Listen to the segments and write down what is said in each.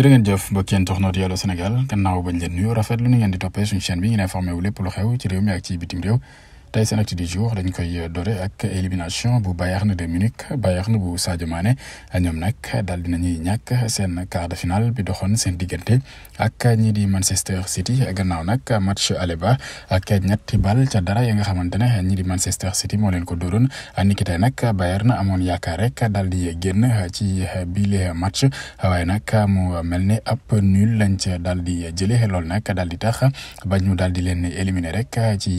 jërë ngeen jëf mbokki internet yi Allô Sénégal gannaaw bañ leen nuyu rafet lu nu ngeen di toppee suñu chaîne bi ngeen informé wu lépp lu xew ci réew mi ak bitim réew tey seen acte du jour dañ koy dore ak élimination bu Bayern de Munich Bayern bu Sadio Mané ñoom nag daal dinañuy ñàkk seen quart de finale bi doxoon seen diggante ak ñii di Manchester City gannaaw nag match aller ba ak ñetti bal ca dara ya nga xamante ne ñii di Manchester City moo leen ko dóoroon niki tey nag na amoon yaakaar rek daal di génn ci bile match waaye nag mu mel ni ab nul lañ ca daal di jëlee loolu nag daal di tax ba daal di leen éliminer rek ci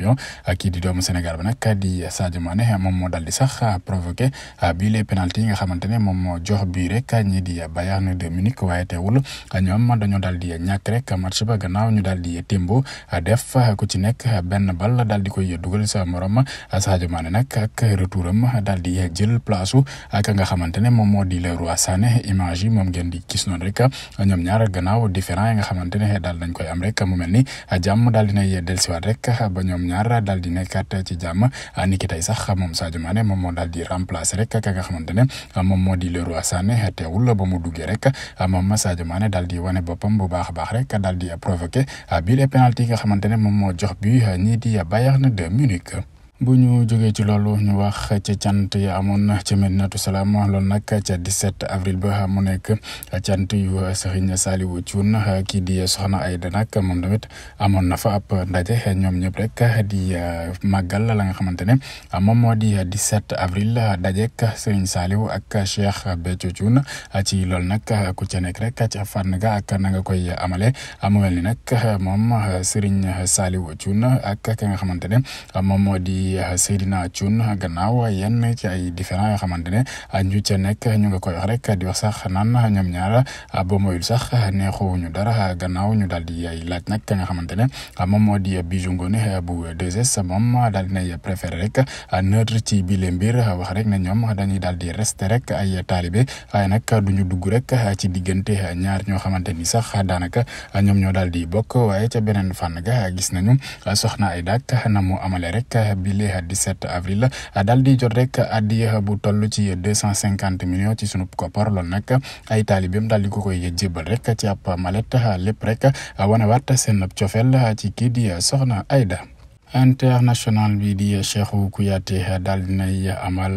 champion kii di doomu Sénégal ba nag di Sadio Mané moom moo dal di sax provoqué bii les penalty yi nga xamante ne moom moo jox bii rek ñii di Bayern de Munich waaye teewul ñoom dañoo daal di ñàkk rek ñu daal di témbo def ku ci nekk benn bal daal di koy dugal sa morom Sadio Mané nag ak retouram daal di jël place su ka nga xamante ne moom moo di Leroy Sané image yi moom ngeen di gis noonu rek ñoom ñaar gannaaw différent yi nga xamante ne daal nañ koy am rek mu mel ni jàmm daal di nay dellusiwaat rek ba ñoom. ñaar daal di nekkaat ci jàmm ah, niki tey sax moom Sadio Mané moom moo daal di remplacer rek ka nga xamante ne ah, moom moo di Leroy Sané teewul ba mu duggee rek ah, moom Sadio maane daal di wane boppam bu baax a baax rek daal di provoqué bii les penalty nga xamante ne moom moo jox bi ñii di na de Munich bu ñu jógee ci loolu ñu wax ca cant yi amoon ci Medinatu Salaam loolu nag ca 17 avril ba mu nekk cant yu Serigne Saliou Thioune kii di soxna Aïda nag moom tamit amoon na fa ab ndaje ñoom ñëpp rek di màggal la nga xamante ne moom moo di 17 avril dajek Serigne Saliou ak Cheikh Béthio Thioune ci loolu nag ku ca nekk rek ca fànn ga ak na nga koy amale mu mel nag moom Serigne Saliou Thioune ak ki nga xamante ne moom moo di. di Seydina Thioune gannaaw yenn ci ay différents yo xamante ne ñu ca nekk ñu nga koy wax rek di wax sax naan ñoom ñaar ba moyul sax neexuwuñu dara gannaaw ñu daal di ay laaj nag nga xamante ne moom moo di Bijou Ngoné bu 2S moom daal di nay préféré rek neutre ci bile mbir wax rek ne ñoom dañuy daal di rester rek ay taalibe waaye nag du ñu dugg rek ci diggante ñaar ñoo xamante ni sax daanaka ñoom ñoo daal di bokk waaye ca beneen fànn ga gis nañu soxna ay daak na mu amale rek bile bile di 17 avril daal di jot rek addiya bu toll ci deux cent cinquante million ci sunu koppar loolu nag ay taalibeem daal di ko koy jébbal rek ci ab malet lépp rek wane waat seen cofeel ci kii di soxna Aida. international bi di Cheikhou Kouyaté daal dinay amal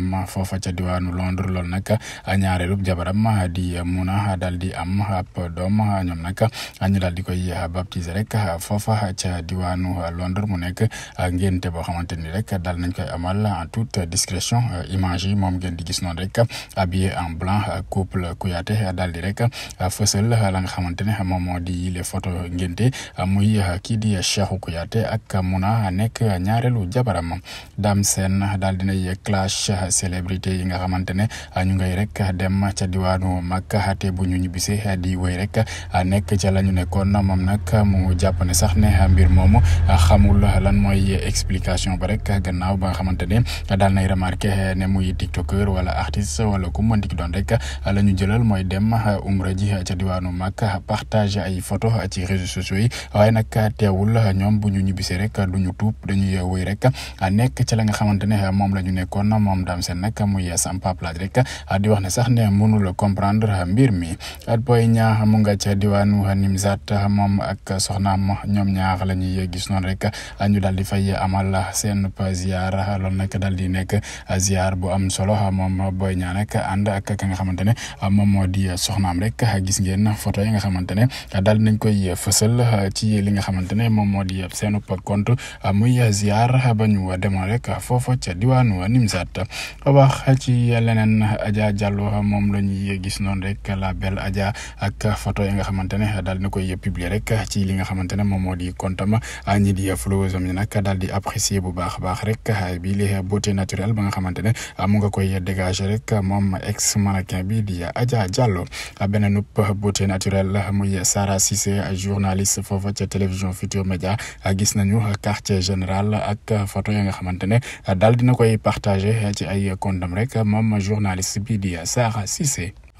ma foofa ca diwaanu Londres loolu nag ñaareelub jabaram di Muna daal di am ab doom ñoom nag ñu daal di koy baptiser rek foofa ca diwaanu Londres mu nekk ngénte boo xamante ni rek daal nañ koy amal en toute discrétion image yi moom ngeen di gis noonu rek habillé en blanc couple Kouyaté daal di rek fësal la nga xamante ne moom moo di les photos ngénte muy kii di Cheikhou Kouyaté ak. ak Muna nekk ñaareelu jabaram Dame Sène daal dinay clash célébrité yi nga xamante ne ñu ngay rek dem ca diwaanu Makka te bu ñu ñibbisee di wéy rek nekk ca la ñu nekkoon moom nag mu jàpp ne sax ne mbir moomu xamul lan mooy explication ba rek gannaaw ba nga xamante ne daal nay remarqué ne muy tiktokeur wala artiste wala ku mën di doon rek la ñu jëlal mooy dem umra ji ca diwaanu Makka partage ay photo ci réseaux sociaux si rek duñu tuub dañuy wëy rek nekk ci la nga xamante ne moom la ñu nekkoon moom Dame Sène nag muy sampa plage rek di wax ne sax ne mënul comprendre mi Boy mu nga ca diwaanu Nimzat moom ak soxnaam ñoom ñaar la ñuy gis noonu ñu daal di fay amal seen ziar loolu nag daal di nekk ziar bu am solo moom Boy Niang nag ànd ak ka nga xamante ne moom moo di soxnaam rek gis ngeen photo yi nga xamante ne dal nañ koy fësal ci li nga xamante ne moom moo di seen compte ah, muy ziar ba ñu demoon rek foofa ca diwaanu Nimzat wax ci leneen Adja Diallo moom la ñuy gis noonu rek la belle Adja ak photo yi nga xamante ne daal na koy publier rek ci li nga xamante ne moom moo di comptam ah, ñi di followers am ñi nag daal di apprécier bu baax a baax rek ah, bii li beauté naturelle nga xamante ne mu nga koy dégager rek moom ex mannequin bi di Adja Diallo beneen beauté naturelle muy Sara Cissé journaliste foofa ca télévision Futur Média gis nañu. nañu quartier général ak photo ya nga xamante ne daal dina koy partagé ci ay comptes rek moom journaliste bi di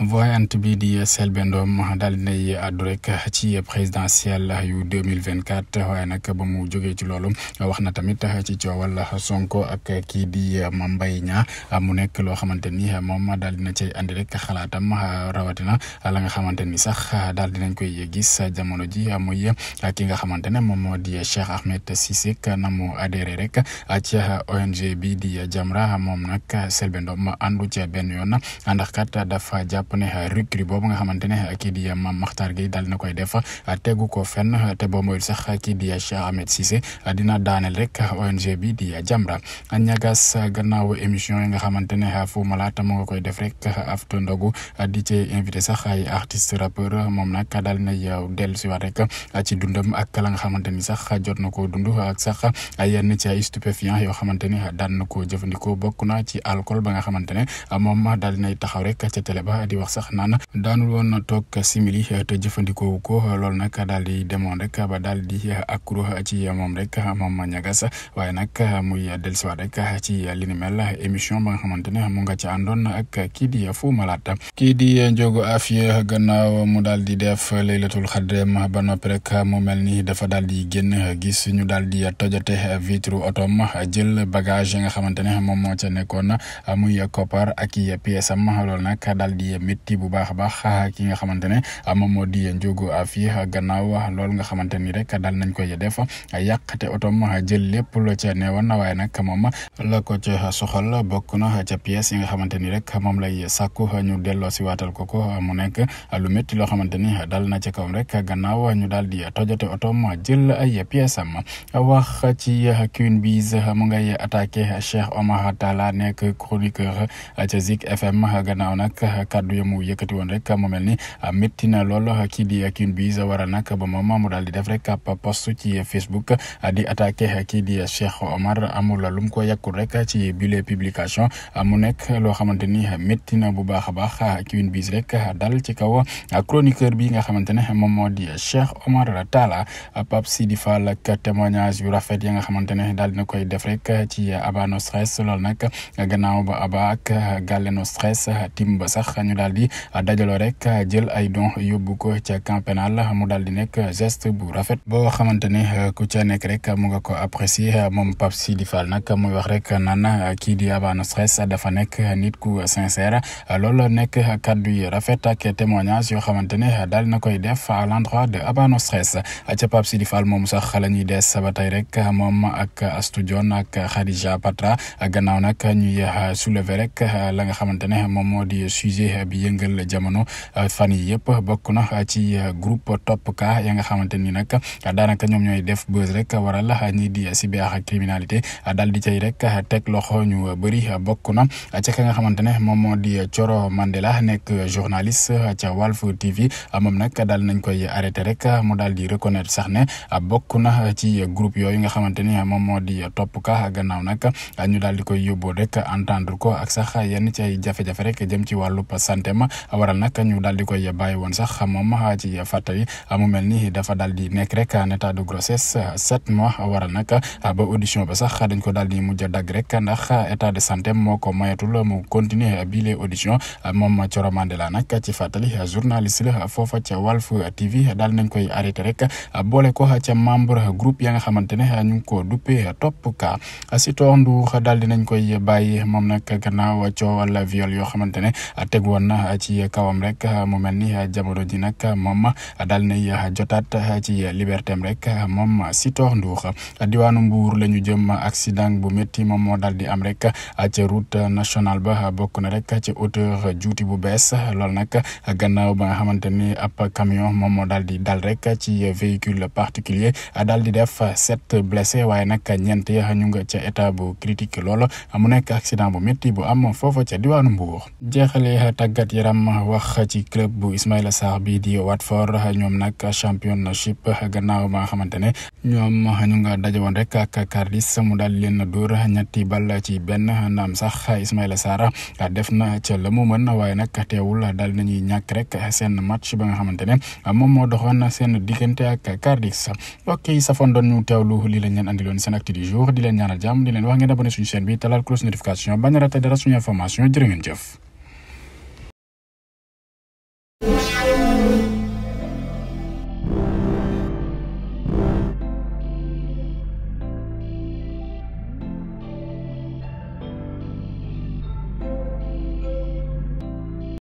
voix ant bi di Selbé Ndom daal dinay àddu rek ci présidentielle yu deux mille vingt quatre waaye nag ba mu jógee ci loolu wax na tamit ci coowal Sonko ak kii di ma Mbaye Niang mu nekk loo xamante ni moom daal dina cay andi rek xalaatam rawatina la nga xamante ni sax daal dinañ koy gis jamono ji muy ki nga xamante ne moom moo di Cheikh Ahmed Cissé na mu adhéré rek ci ONG bi di Jamra moom nag Selbé Ndom àndu ca benn yoon ndax kat dafa jàpp. jàpp ne recrue boobu nga xamante ne kii di Mame Makhtar Gueye daal na koy def tegu ko fenn te boo moyul sax kii di Cheikh Ahmed Cissé dina daaneel rek ONG bi di Jamra ñagas gannaaw émission yi nga xamante ne Fou Malade mu nga koy def rek after di ci invité sax ay artiste moom nag daal nay dellusiwaat rek ci dundam ak la nga xamante ni sax jot na koo dund ak sax yenn ci ay stupéfiant yoo xamante ni daan na koo jëfandikoo bokk na ci alcool ba nga xamante ne moom daal nay taxaw rek ca télé ba di wax sax naan daanul woon toog simili eh, te jëfandikoowu ko loolu nag daal di demoon rek ba dal di eh, accro ci moom rek moom ñagas waaye nag muy dellusiwaat rek ci li ni a émission ba nga xamante ne mu nga ci àndoon ak kii di Fou di Ndiogou Afia gannaaw mu daal di def laylatul xadem ba noppi rek mel ni dafa daal di génn gis ñu daal di tojate vitre otom jël bagage yi nga xamante ne moom moo ca nekkoon muy koppar ak i pièces am loolu nag daal di métti bu baax a baax ki nga xamante a moom moo di Ndiogou Afy gannaaw loolu nga xamante ni a daal nañ koy def yàq te otom jël lépp loo ca neewoon waaye nag moom la ko ca soxal bokk na ca pièces yi nga xamante ni rek moom lay sàkku ñu delloo si waatal ko ko mu nekk lu métti loo xamante ni dal na ci kawam rek gannaaw ñu daal di tojate otom jël ay pièces am wax ci Queen Biz mu ngay attaqué Cheikh Omar Talla nekk chroniqueur ca Zik FM gannaaw nag kaddu kàddu ya mu yëkkati woon rek mu mel ni ah, métti na a ah, kii di a ah, Biz waral nag ba moom mu daal di def rek ni métti na bu baax a baax Queen Biz rek dal ci kaw chroniqueur bi nga xamante ne moom moo di Cheikh Omar Talla Pape Sidi Fall ak témoignage yu rafet ya nga xamante ne daal dina koy def rek ci Abano Stress loolu nag gannaaw ba Aba ak Galeno Stress tim ba sax ñu daal daal di dajaloo rek jël ay don yóbbu ko ca camp pénal mu daal di nekk geste bu rafet boo xamante ni ku ca nekk rek mu nga ko apprécier moom Pape Sidi Fall a muy wax rek naan kii yi rafet ak témoignage yoo xamante ne daal na koy def à l'endroit de Aba a ca Pape Sidi Fall moom sax la ñuy des ba tey a moom ak Astou Dione ak Khadija Patra gannaaw a ñuy soulever rek la nga xamante ne moom moo di bi yëngal jamono euh, fan yi yëpp bokk na euh, ci euh, groupe Top Cas ya nga xamante ni nag daanaka ñoom ñooy def buzz rek waral ñii di cybercriminalité daal di cay rek teg loxo ñu bëri bokk na ca ka nga xamante ne moom moo di Thioro Mandela nekk journaliste ca Walf moom nag daal nañ koy arrêté rek mu daal di reconnaître sax ne bokk na ci groupe yooyu nga xamante ni moom moo di Top Cas gannaaw a ñu daal di koy yóbboo rek entendre ko ak sax yenn ci ay jafe-jafe rek jëm ci wàllu sant digganteem waral nag ñu daal di koy bàyyi woon sax moom ci fàttali a mel ni dafa daal nekk rek en état de grossesse sept mois waral nag ba audition ba sax dañ ko daal di mujj dagg rek ndax état de santé moo ko mayatul mu continuer bii les auditions moom Thioro Mandela nag ci fàttali journaliste ko ca membre ya nga xamante ne ko duppee topp ka si toondu daal di nañ koy bàyyi viol yoo xamante ne teg woon ci kawam rek mu mel ni jamono ji nag moom daal a jotaat ci libertéem rek moom Sitor Ndour diwaanu Mbour la ñu jëm accident bu métti moom moo daal di am rek ci route nationale ba bokk na rek ci hauteur juuti bu bees loolu nag gannaaw ba nga xamante ni ab moom moo daal di dal rek ci véhicule particulier daal di def sept blessés waaye nag ñeent ya ñu nga ca état bu critique lool mu nekk accident bu métti diwaanu Mbour jeexale tàgg tàggat yaram wax ci club bu Ismaïla Sarr bi di Watford ñoom nag championship gannaaw ba nga xamante ne ñoom ñu nga daje woon rek ak Cardiff mu daal leen dóor ñetti bal na ca la mu mën waaye nag teewul daal nañuy ñàkk rek seen match ba nga xamante ne moom moo doxoon seen diggante ak Cardiff mbokk yi safoon doon ñu teewlu lii lañ leen andiloon seen actu jour di leen ñaanal jàmm di leen wax ngeen abonné suñu chaîne bi talal cloche notification bañ a dara suñu information jërë ngeen jëf.